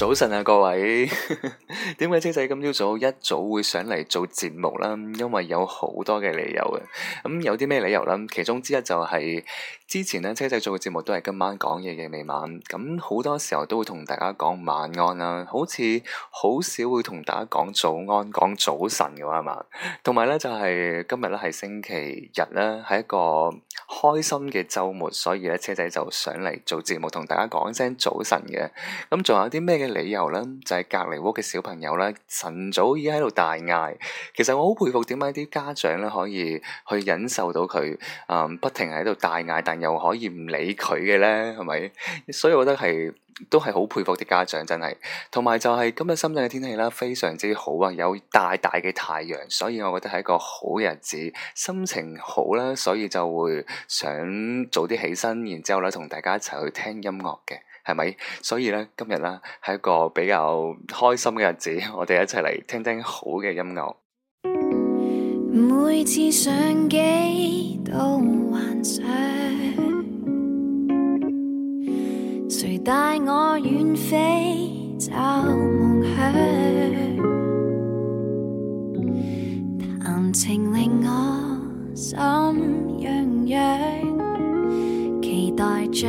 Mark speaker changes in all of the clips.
Speaker 1: 早晨啊，各位。點解車仔今朝早一早會上嚟做節目呢？因為有好多嘅理由嘅，咁有啲咩理由呢？其中之一就係、是、之前咧，車仔做嘅節目都係今晚講嘢嘅未晚，咁好多時候都會同大家講晚安呀，好似好少會同大家講早安、講早晨嘅話嘛，係嘛？同埋咧就係、是、今日咧係星期日咧，係一個開心嘅周末，所以咧車仔就上嚟做節目同大家講一聲早晨嘅。咁仲有啲咩嘅理由咧？就係、是、隔離屋嘅小朋友。朋友咧晨早已喺度大嗌，其實我好佩服點解啲家長咧可以去忍受到佢啊、嗯、不停喺度大嗌，但又可以唔理佢嘅咧，係咪？所以我覺得係都係好佩服啲家長真係。同埋就係今日深圳嘅天氣啦，非常之好啊，有大大嘅太陽，所以我覺得係一個好日子，心情好啦，所以就會想早啲起身，然之後咧同大家一齊去聽音樂嘅。係咪？所以咧，今日啦，係一個比較開心嘅日子，我哋一齊嚟聽聽好嘅音樂。
Speaker 2: 每次上機都幻想，誰帶我遠飛找夢想？談情令我心癢癢，期待着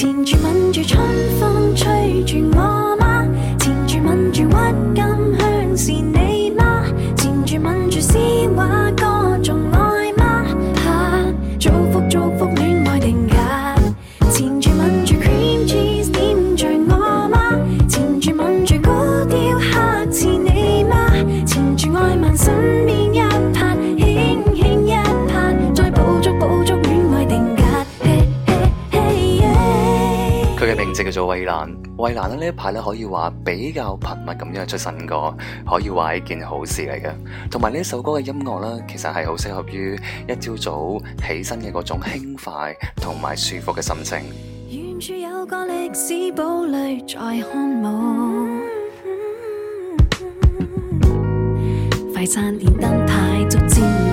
Speaker 2: 纏住吻住春風吹住我嗎？纏住吻住鬱金香是你。
Speaker 1: 叫做衛蘭，衛蘭呢一排咧可以話比較頻密咁樣出新歌，可以話係一件好事嚟嘅。同埋呢一首歌嘅音樂咧，其實係好適合於一朝早起身嘅嗰種輕快同埋舒服嘅心情。
Speaker 2: 遠處有個歷史堡壘在看我、嗯嗯嗯、快餐店燈太足。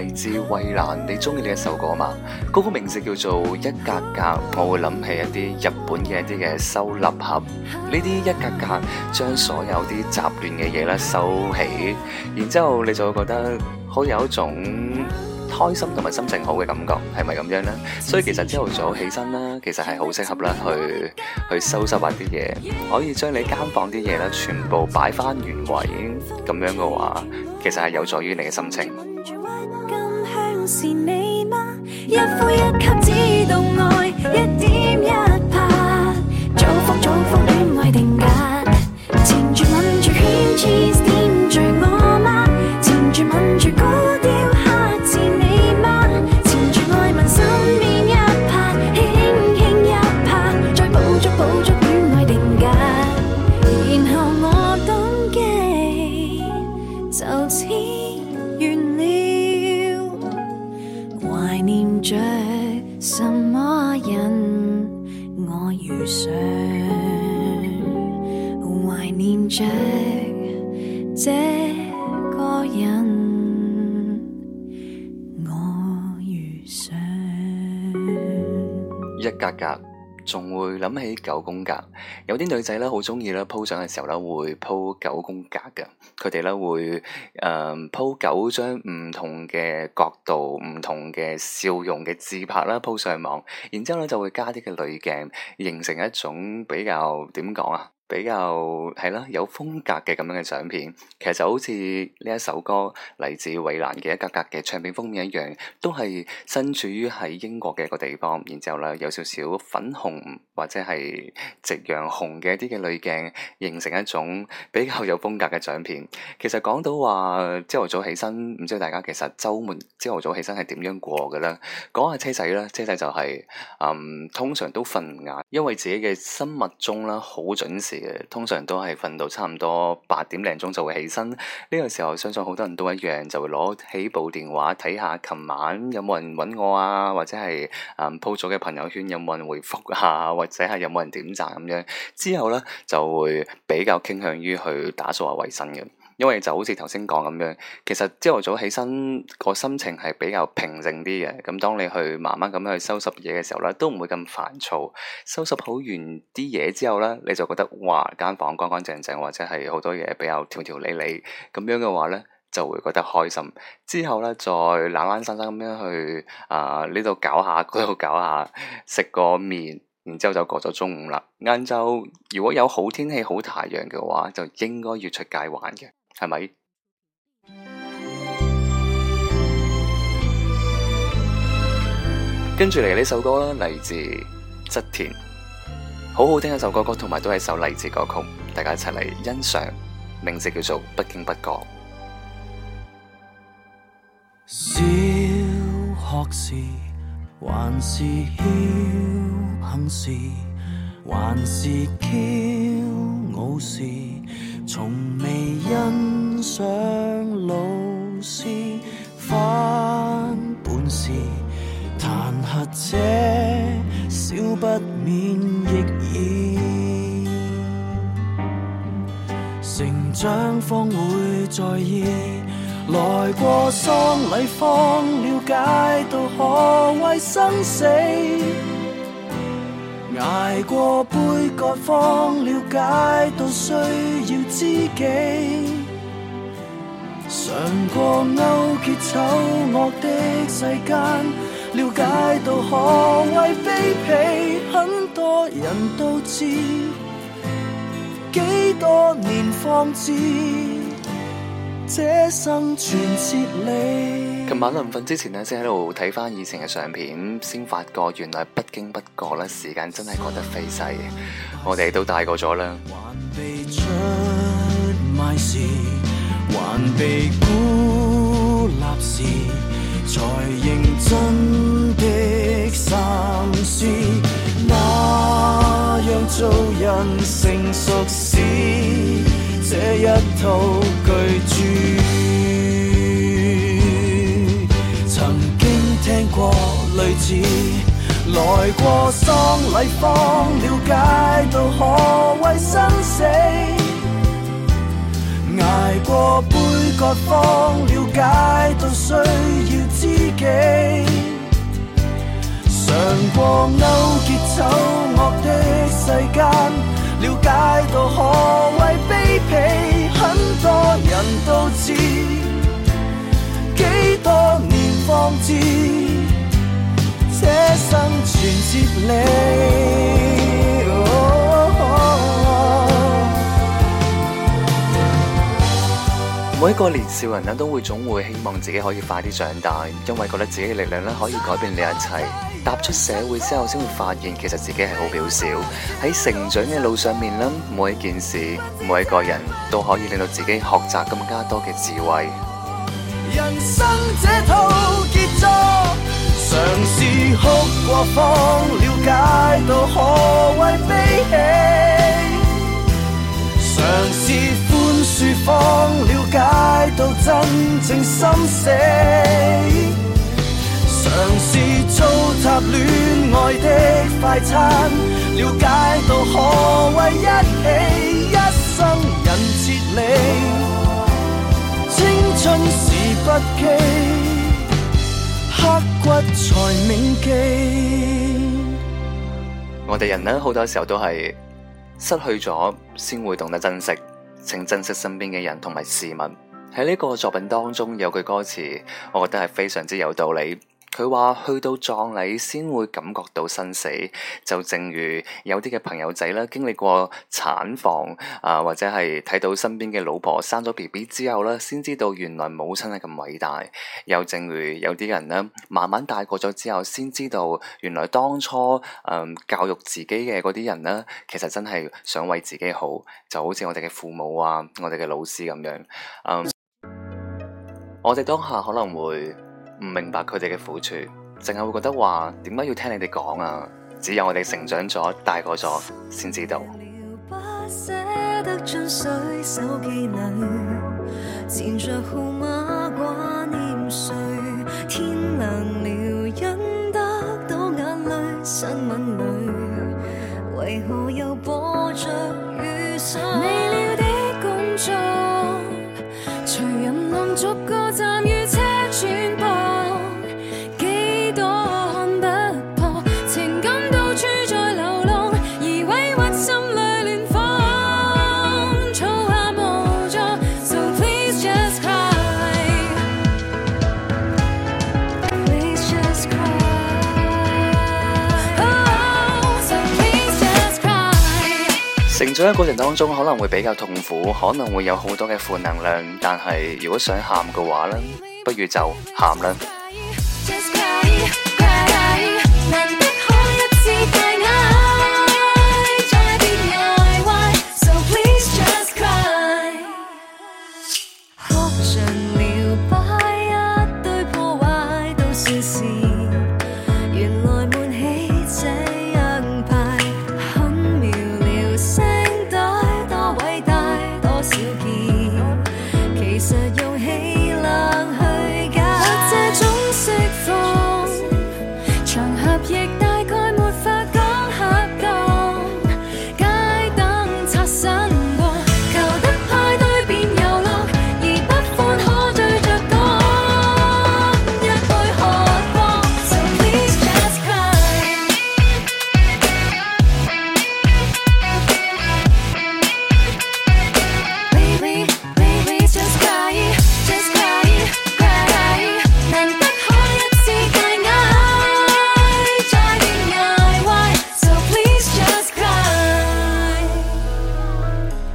Speaker 1: 來自衛蘭，你中意呢一首歌嘛？嗰個名字叫做《一格格》，我會諗起一啲日本嘅一啲嘅收納盒，呢啲一格格將所有啲雜亂嘅嘢咧收起，然之後你就會覺得好有一種開心同埋心情好嘅感覺，係咪咁樣呢？所以其實朝頭早起身啦，其實係好適合啦，去去收拾埋啲嘢，可以將你間房啲嘢咧全部擺翻原位，咁樣嘅話，其實係有助於你嘅心情。
Speaker 2: 是你嗎？一呼一吸知道愛一點一拍，祝福祝福戀愛定格，纏住吻住牽住。纏一
Speaker 1: 格格仲會諗起九宮格。有啲女仔咧好鍾意咧，鋪相嘅時候咧會鋪九宮格嘅，佢哋咧會誒鋪九張唔同嘅角度、唔同嘅笑容嘅自拍啦，鋪上網，然之後咧就會加啲嘅濾鏡，形成一種比較點講啊？比較係啦，有風格嘅咁樣嘅相片，其實就好似呢一首歌嚟自衞蘭嘅一格格嘅唱片封面一樣，都係身處於喺英國嘅一個地方，然之後咧有少少粉紅。或者係夕陽紅嘅一啲嘅濾鏡，形成一種比較有風格嘅相片。其實講到話朝頭早起身，唔知道大家其實周末朝頭早起身係點樣過嘅咧？講下車仔啦，車仔就係、是、嗯通常都瞓唔晏，因為自己嘅生物鐘啦好準時嘅，通常都係瞓到差唔多八點零鐘就會起身。呢、這個時候相信好多人都一樣，就會攞起部電話睇下琴晚有冇人揾我啊，或者係啊 po 咗嘅朋友圈有冇人回覆啊，或者睇下有冇人點讚咁樣，之後咧就會比較傾向於去打掃下衞生嘅，因為就好似頭先講咁樣，其實朝頭早起身個心情係比較平靜啲嘅。咁當你去慢慢咁樣去收拾嘢嘅時候咧，都唔會咁煩躁。收拾好完啲嘢之後咧，你就覺得，哇間房乾乾淨淨，或者係好多嘢比較條條理理咁樣嘅話咧，就會覺得開心。之後咧再懶懶散散咁樣去啊呢度搞下嗰度搞下，食個麵。然之後就過咗中午啦。晏晝如果有好天氣、好太陽嘅話，就應該要出街玩嘅，係咪？ 跟住嚟，呢首歌啦，嚟自側田，好好聽一首歌曲同埋都係首勵志歌曲，大家一齊嚟欣賞。名字叫做《不經不覺》。
Speaker 3: 小學時還是憾事還是驕傲事，從未欣賞老師反本事，彈劾者少不免逆耳。成長方會在意，來過喪禮方了解到何謂生死。捱過杯葛，方了解到需要知己；嘗過勾結醜惡的世間，了解到何謂卑鄙。很多人都知，幾多年方知這生存哲理。
Speaker 1: 今晚臨瞓之前咧，先喺度睇返以前嘅相片，先發覺原來不經不覺咧，時間真係過得飛逝，我哋都大個咗
Speaker 3: 啦。類似來過喪禮，方了解到何謂生死；捱過杯葛，方了解到需要知己。嘗過勾結醜惡的世間，了解到何謂卑鄙。很多人都知，幾多年方知。這生存接力。哦哦
Speaker 1: 哦，每一個年少人呢都會總會希望自己可以快啲長大，因為覺得自己嘅力量呢可以改變呢一切。踏出社會之後，先會發現其實自己係好渺小。喺成長嘅路上面呢，每一件事，每一個人都可以令到自己學習更加多嘅智
Speaker 3: 慧。人生這套傑作。嘗試哭過方了解到何謂悲喜，嘗試寬恕方了解到真正心死，嘗試糟蹋戀愛的快餐，了解到何謂一起一生人設理，青春是不羈。刻骨才銘記。
Speaker 1: 我哋人呢，好多時候都係失去咗，先會懂得珍惜，請珍惜身邊嘅人同埋事物。喺呢個作品當中有句歌詞，我覺得係非常之有道理。佢話：去到葬禮先會感覺到生死，就正如有啲嘅朋友仔啦，經歷過產房啊、呃，或者係睇到身邊嘅老婆生咗 BB 之後啦，先知道原來母親係咁偉大。又正如有啲人呢，慢慢大個咗之後，先知道原來當初誒、呃、教育自己嘅嗰啲人呢，其實真係想為自己好，就好似我哋嘅父母啊，我哋嘅老師咁樣。誒、呃， 我哋當下可能會唔明白佢哋嘅苦處，淨係會覺得話點解要聽你哋講啊？只有我哋成長咗、大個咗先知道。 成長嘅過程當中可能會比較痛苦，可能會有好多嘅負能量，但係如果想喊嘅話呢，不如就喊啦。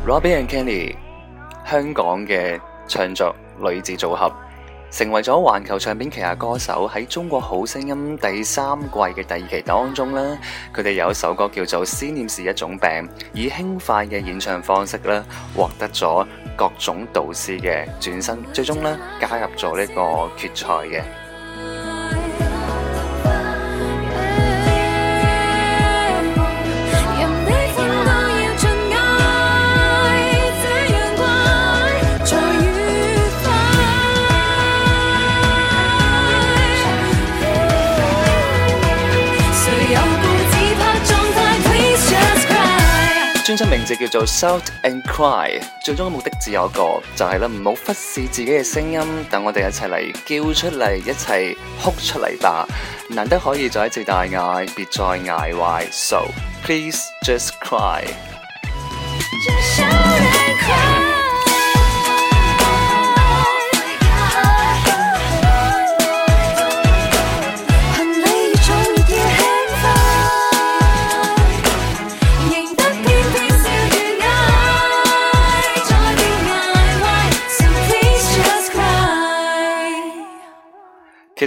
Speaker 1: Robynn and Kendy，香港嘅唱作女子組合，成為咗環球唱片旗下歌手。喺《中國好聲音》第三季嘅第二期當中咧，佢哋有一首歌叫做《思念是一種病》，以輕快嘅演唱方式咧，獲得咗各種導師嘅轉身，最終咧加入咗呢個決賽嘅。專輯名字叫做《Shout and Cry》，最終嘅目的只有一個，就係咧唔好忽視自己嘅聲音，等我哋一齊嚟叫出嚟，一齊哭出嚟吧！難得可以再一次大嗌，別再嗌壞，So please just cry。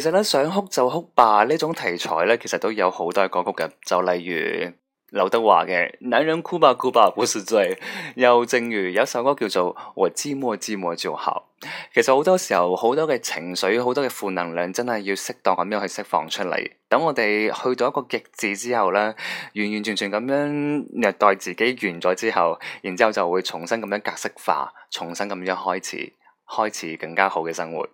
Speaker 1: 其實咧，想哭就哭吧，呢種題材咧，其實都有好多嘅歌曲嘅，就例如劉德華嘅《男人哭吧哭吧不是罪》，好實際。又正如有一首歌叫做《我寂寞寂寞就好》。其實好多時候，好多嘅情緒，好多嘅負能量，真係要適當咁樣去釋放出嚟。等我哋去到一個極致之後咧，完完全全咁樣虐待自己完咗之後，然之後就會重新咁樣格式化，重新咁樣開始，開始更加好嘅生活。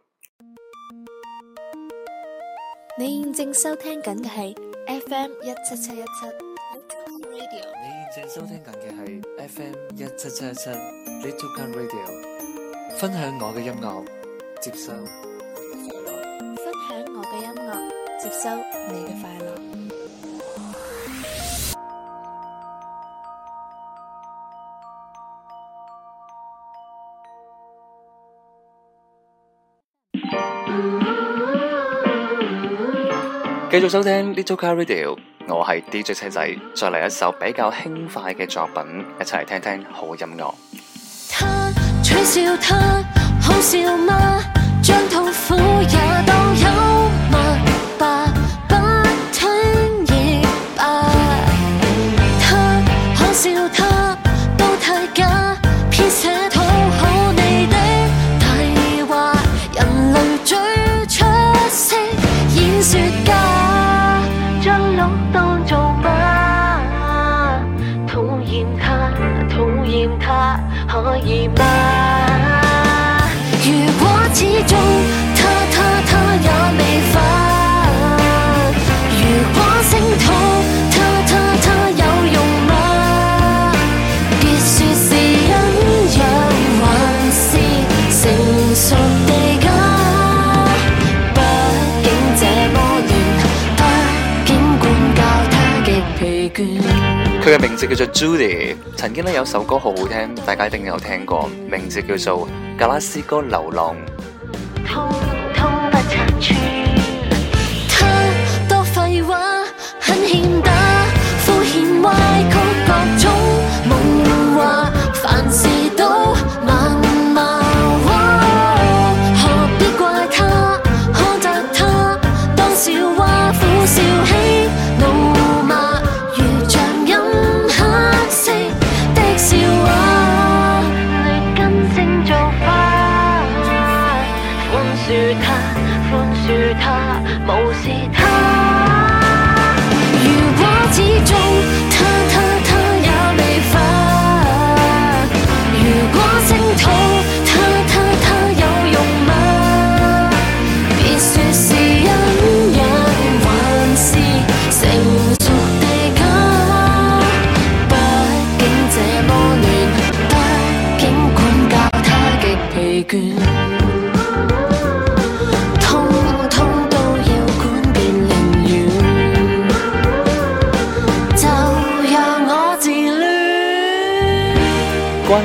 Speaker 2: 你現正收聽緊嘅係 FM 一七七一七，你現正收聽緊嘅係 FM
Speaker 1: 一七七一七，Little Gun Radio。分享我嘅音樂，
Speaker 3: 接收快
Speaker 2: 樂。分享我嘅音樂，接收你嘅快樂。
Speaker 1: 繼續收聽 Little Car Radio，我係 DJ 車仔，再嚟一首比較輕快嘅作品，一齊嚟聽聽好音樂。
Speaker 2: 他取笑他，好笑嗎？將痛苦也當有。當做嗎？討厭他，討厭他，可以嗎？
Speaker 1: 名字叫做 Judy，曾經呢有首歌好好聽，大家一定有聽過，名字叫做《格拉斯哥流浪》。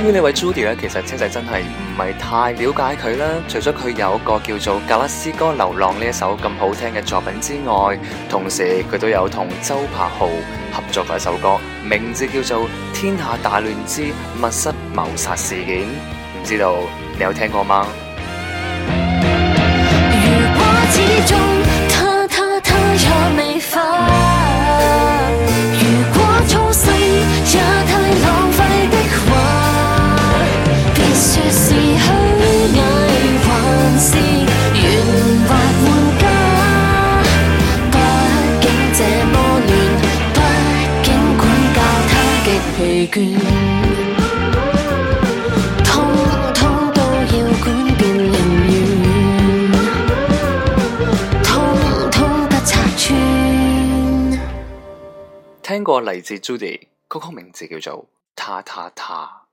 Speaker 1: 咁呢位 Judy 咧，其實青仔真係唔係太了解佢啦。除咗佢有個叫做《格拉斯哥流浪》呢一首咁好聽嘅作品之外，同時佢都有同周柏豪合作過一首歌，名字叫做《天下大亂之密室謀殺事件》。唔知道你有聽過嗎？嚟自 Judy，歌曲名字叫做《他他他》。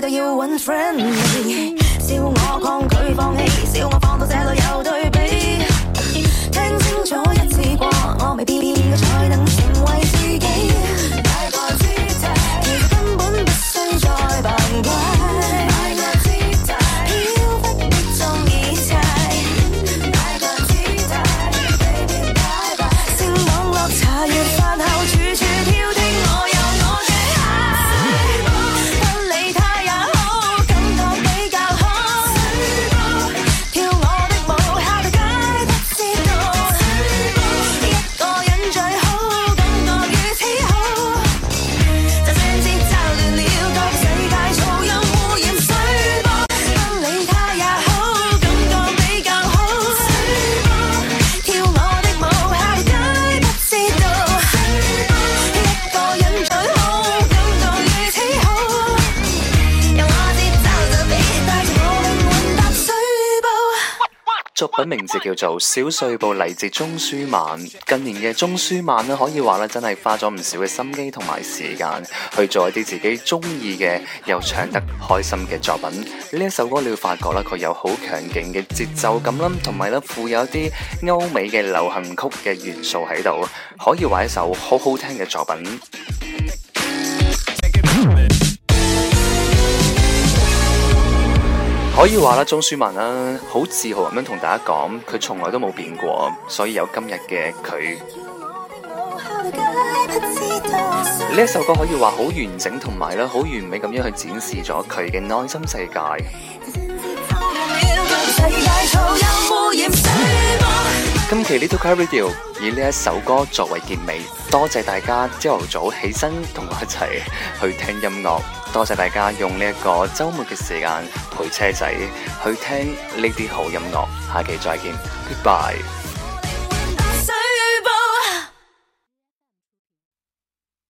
Speaker 2: 都要揾 friend 笑我抗拒放棄， 笑我放到這裏有對。
Speaker 1: 作品名字叫做《小碎步》，嚟自鍾舒漫。近年嘅鍾舒漫咧，可以話咧真係花咗唔少嘅心機同埋時間，去做一啲自己中意嘅又唱得開心嘅作品。呢一首歌你會發覺咧，佢有好強勁嘅節奏感啦，同埋咧富有一啲歐美嘅流行曲嘅元素喺度，可以話一首好好聽嘅作品。可以話啦，鍾舒漫啦，好自豪咁樣同大家講，佢從來都冇變過，所以有今日嘅佢。
Speaker 2: 呢 一
Speaker 1: 首歌可以話好完整同埋好完美咁樣去展示咗佢嘅內心世界。 今期 Little Car Video 以呢一首歌作為結尾，多謝大家朝頭早起身同我一齊去聽音樂，多謝大家用呢一個週末嘅時間陪車仔去聽呢啲好音樂，下期再見，Goodbye。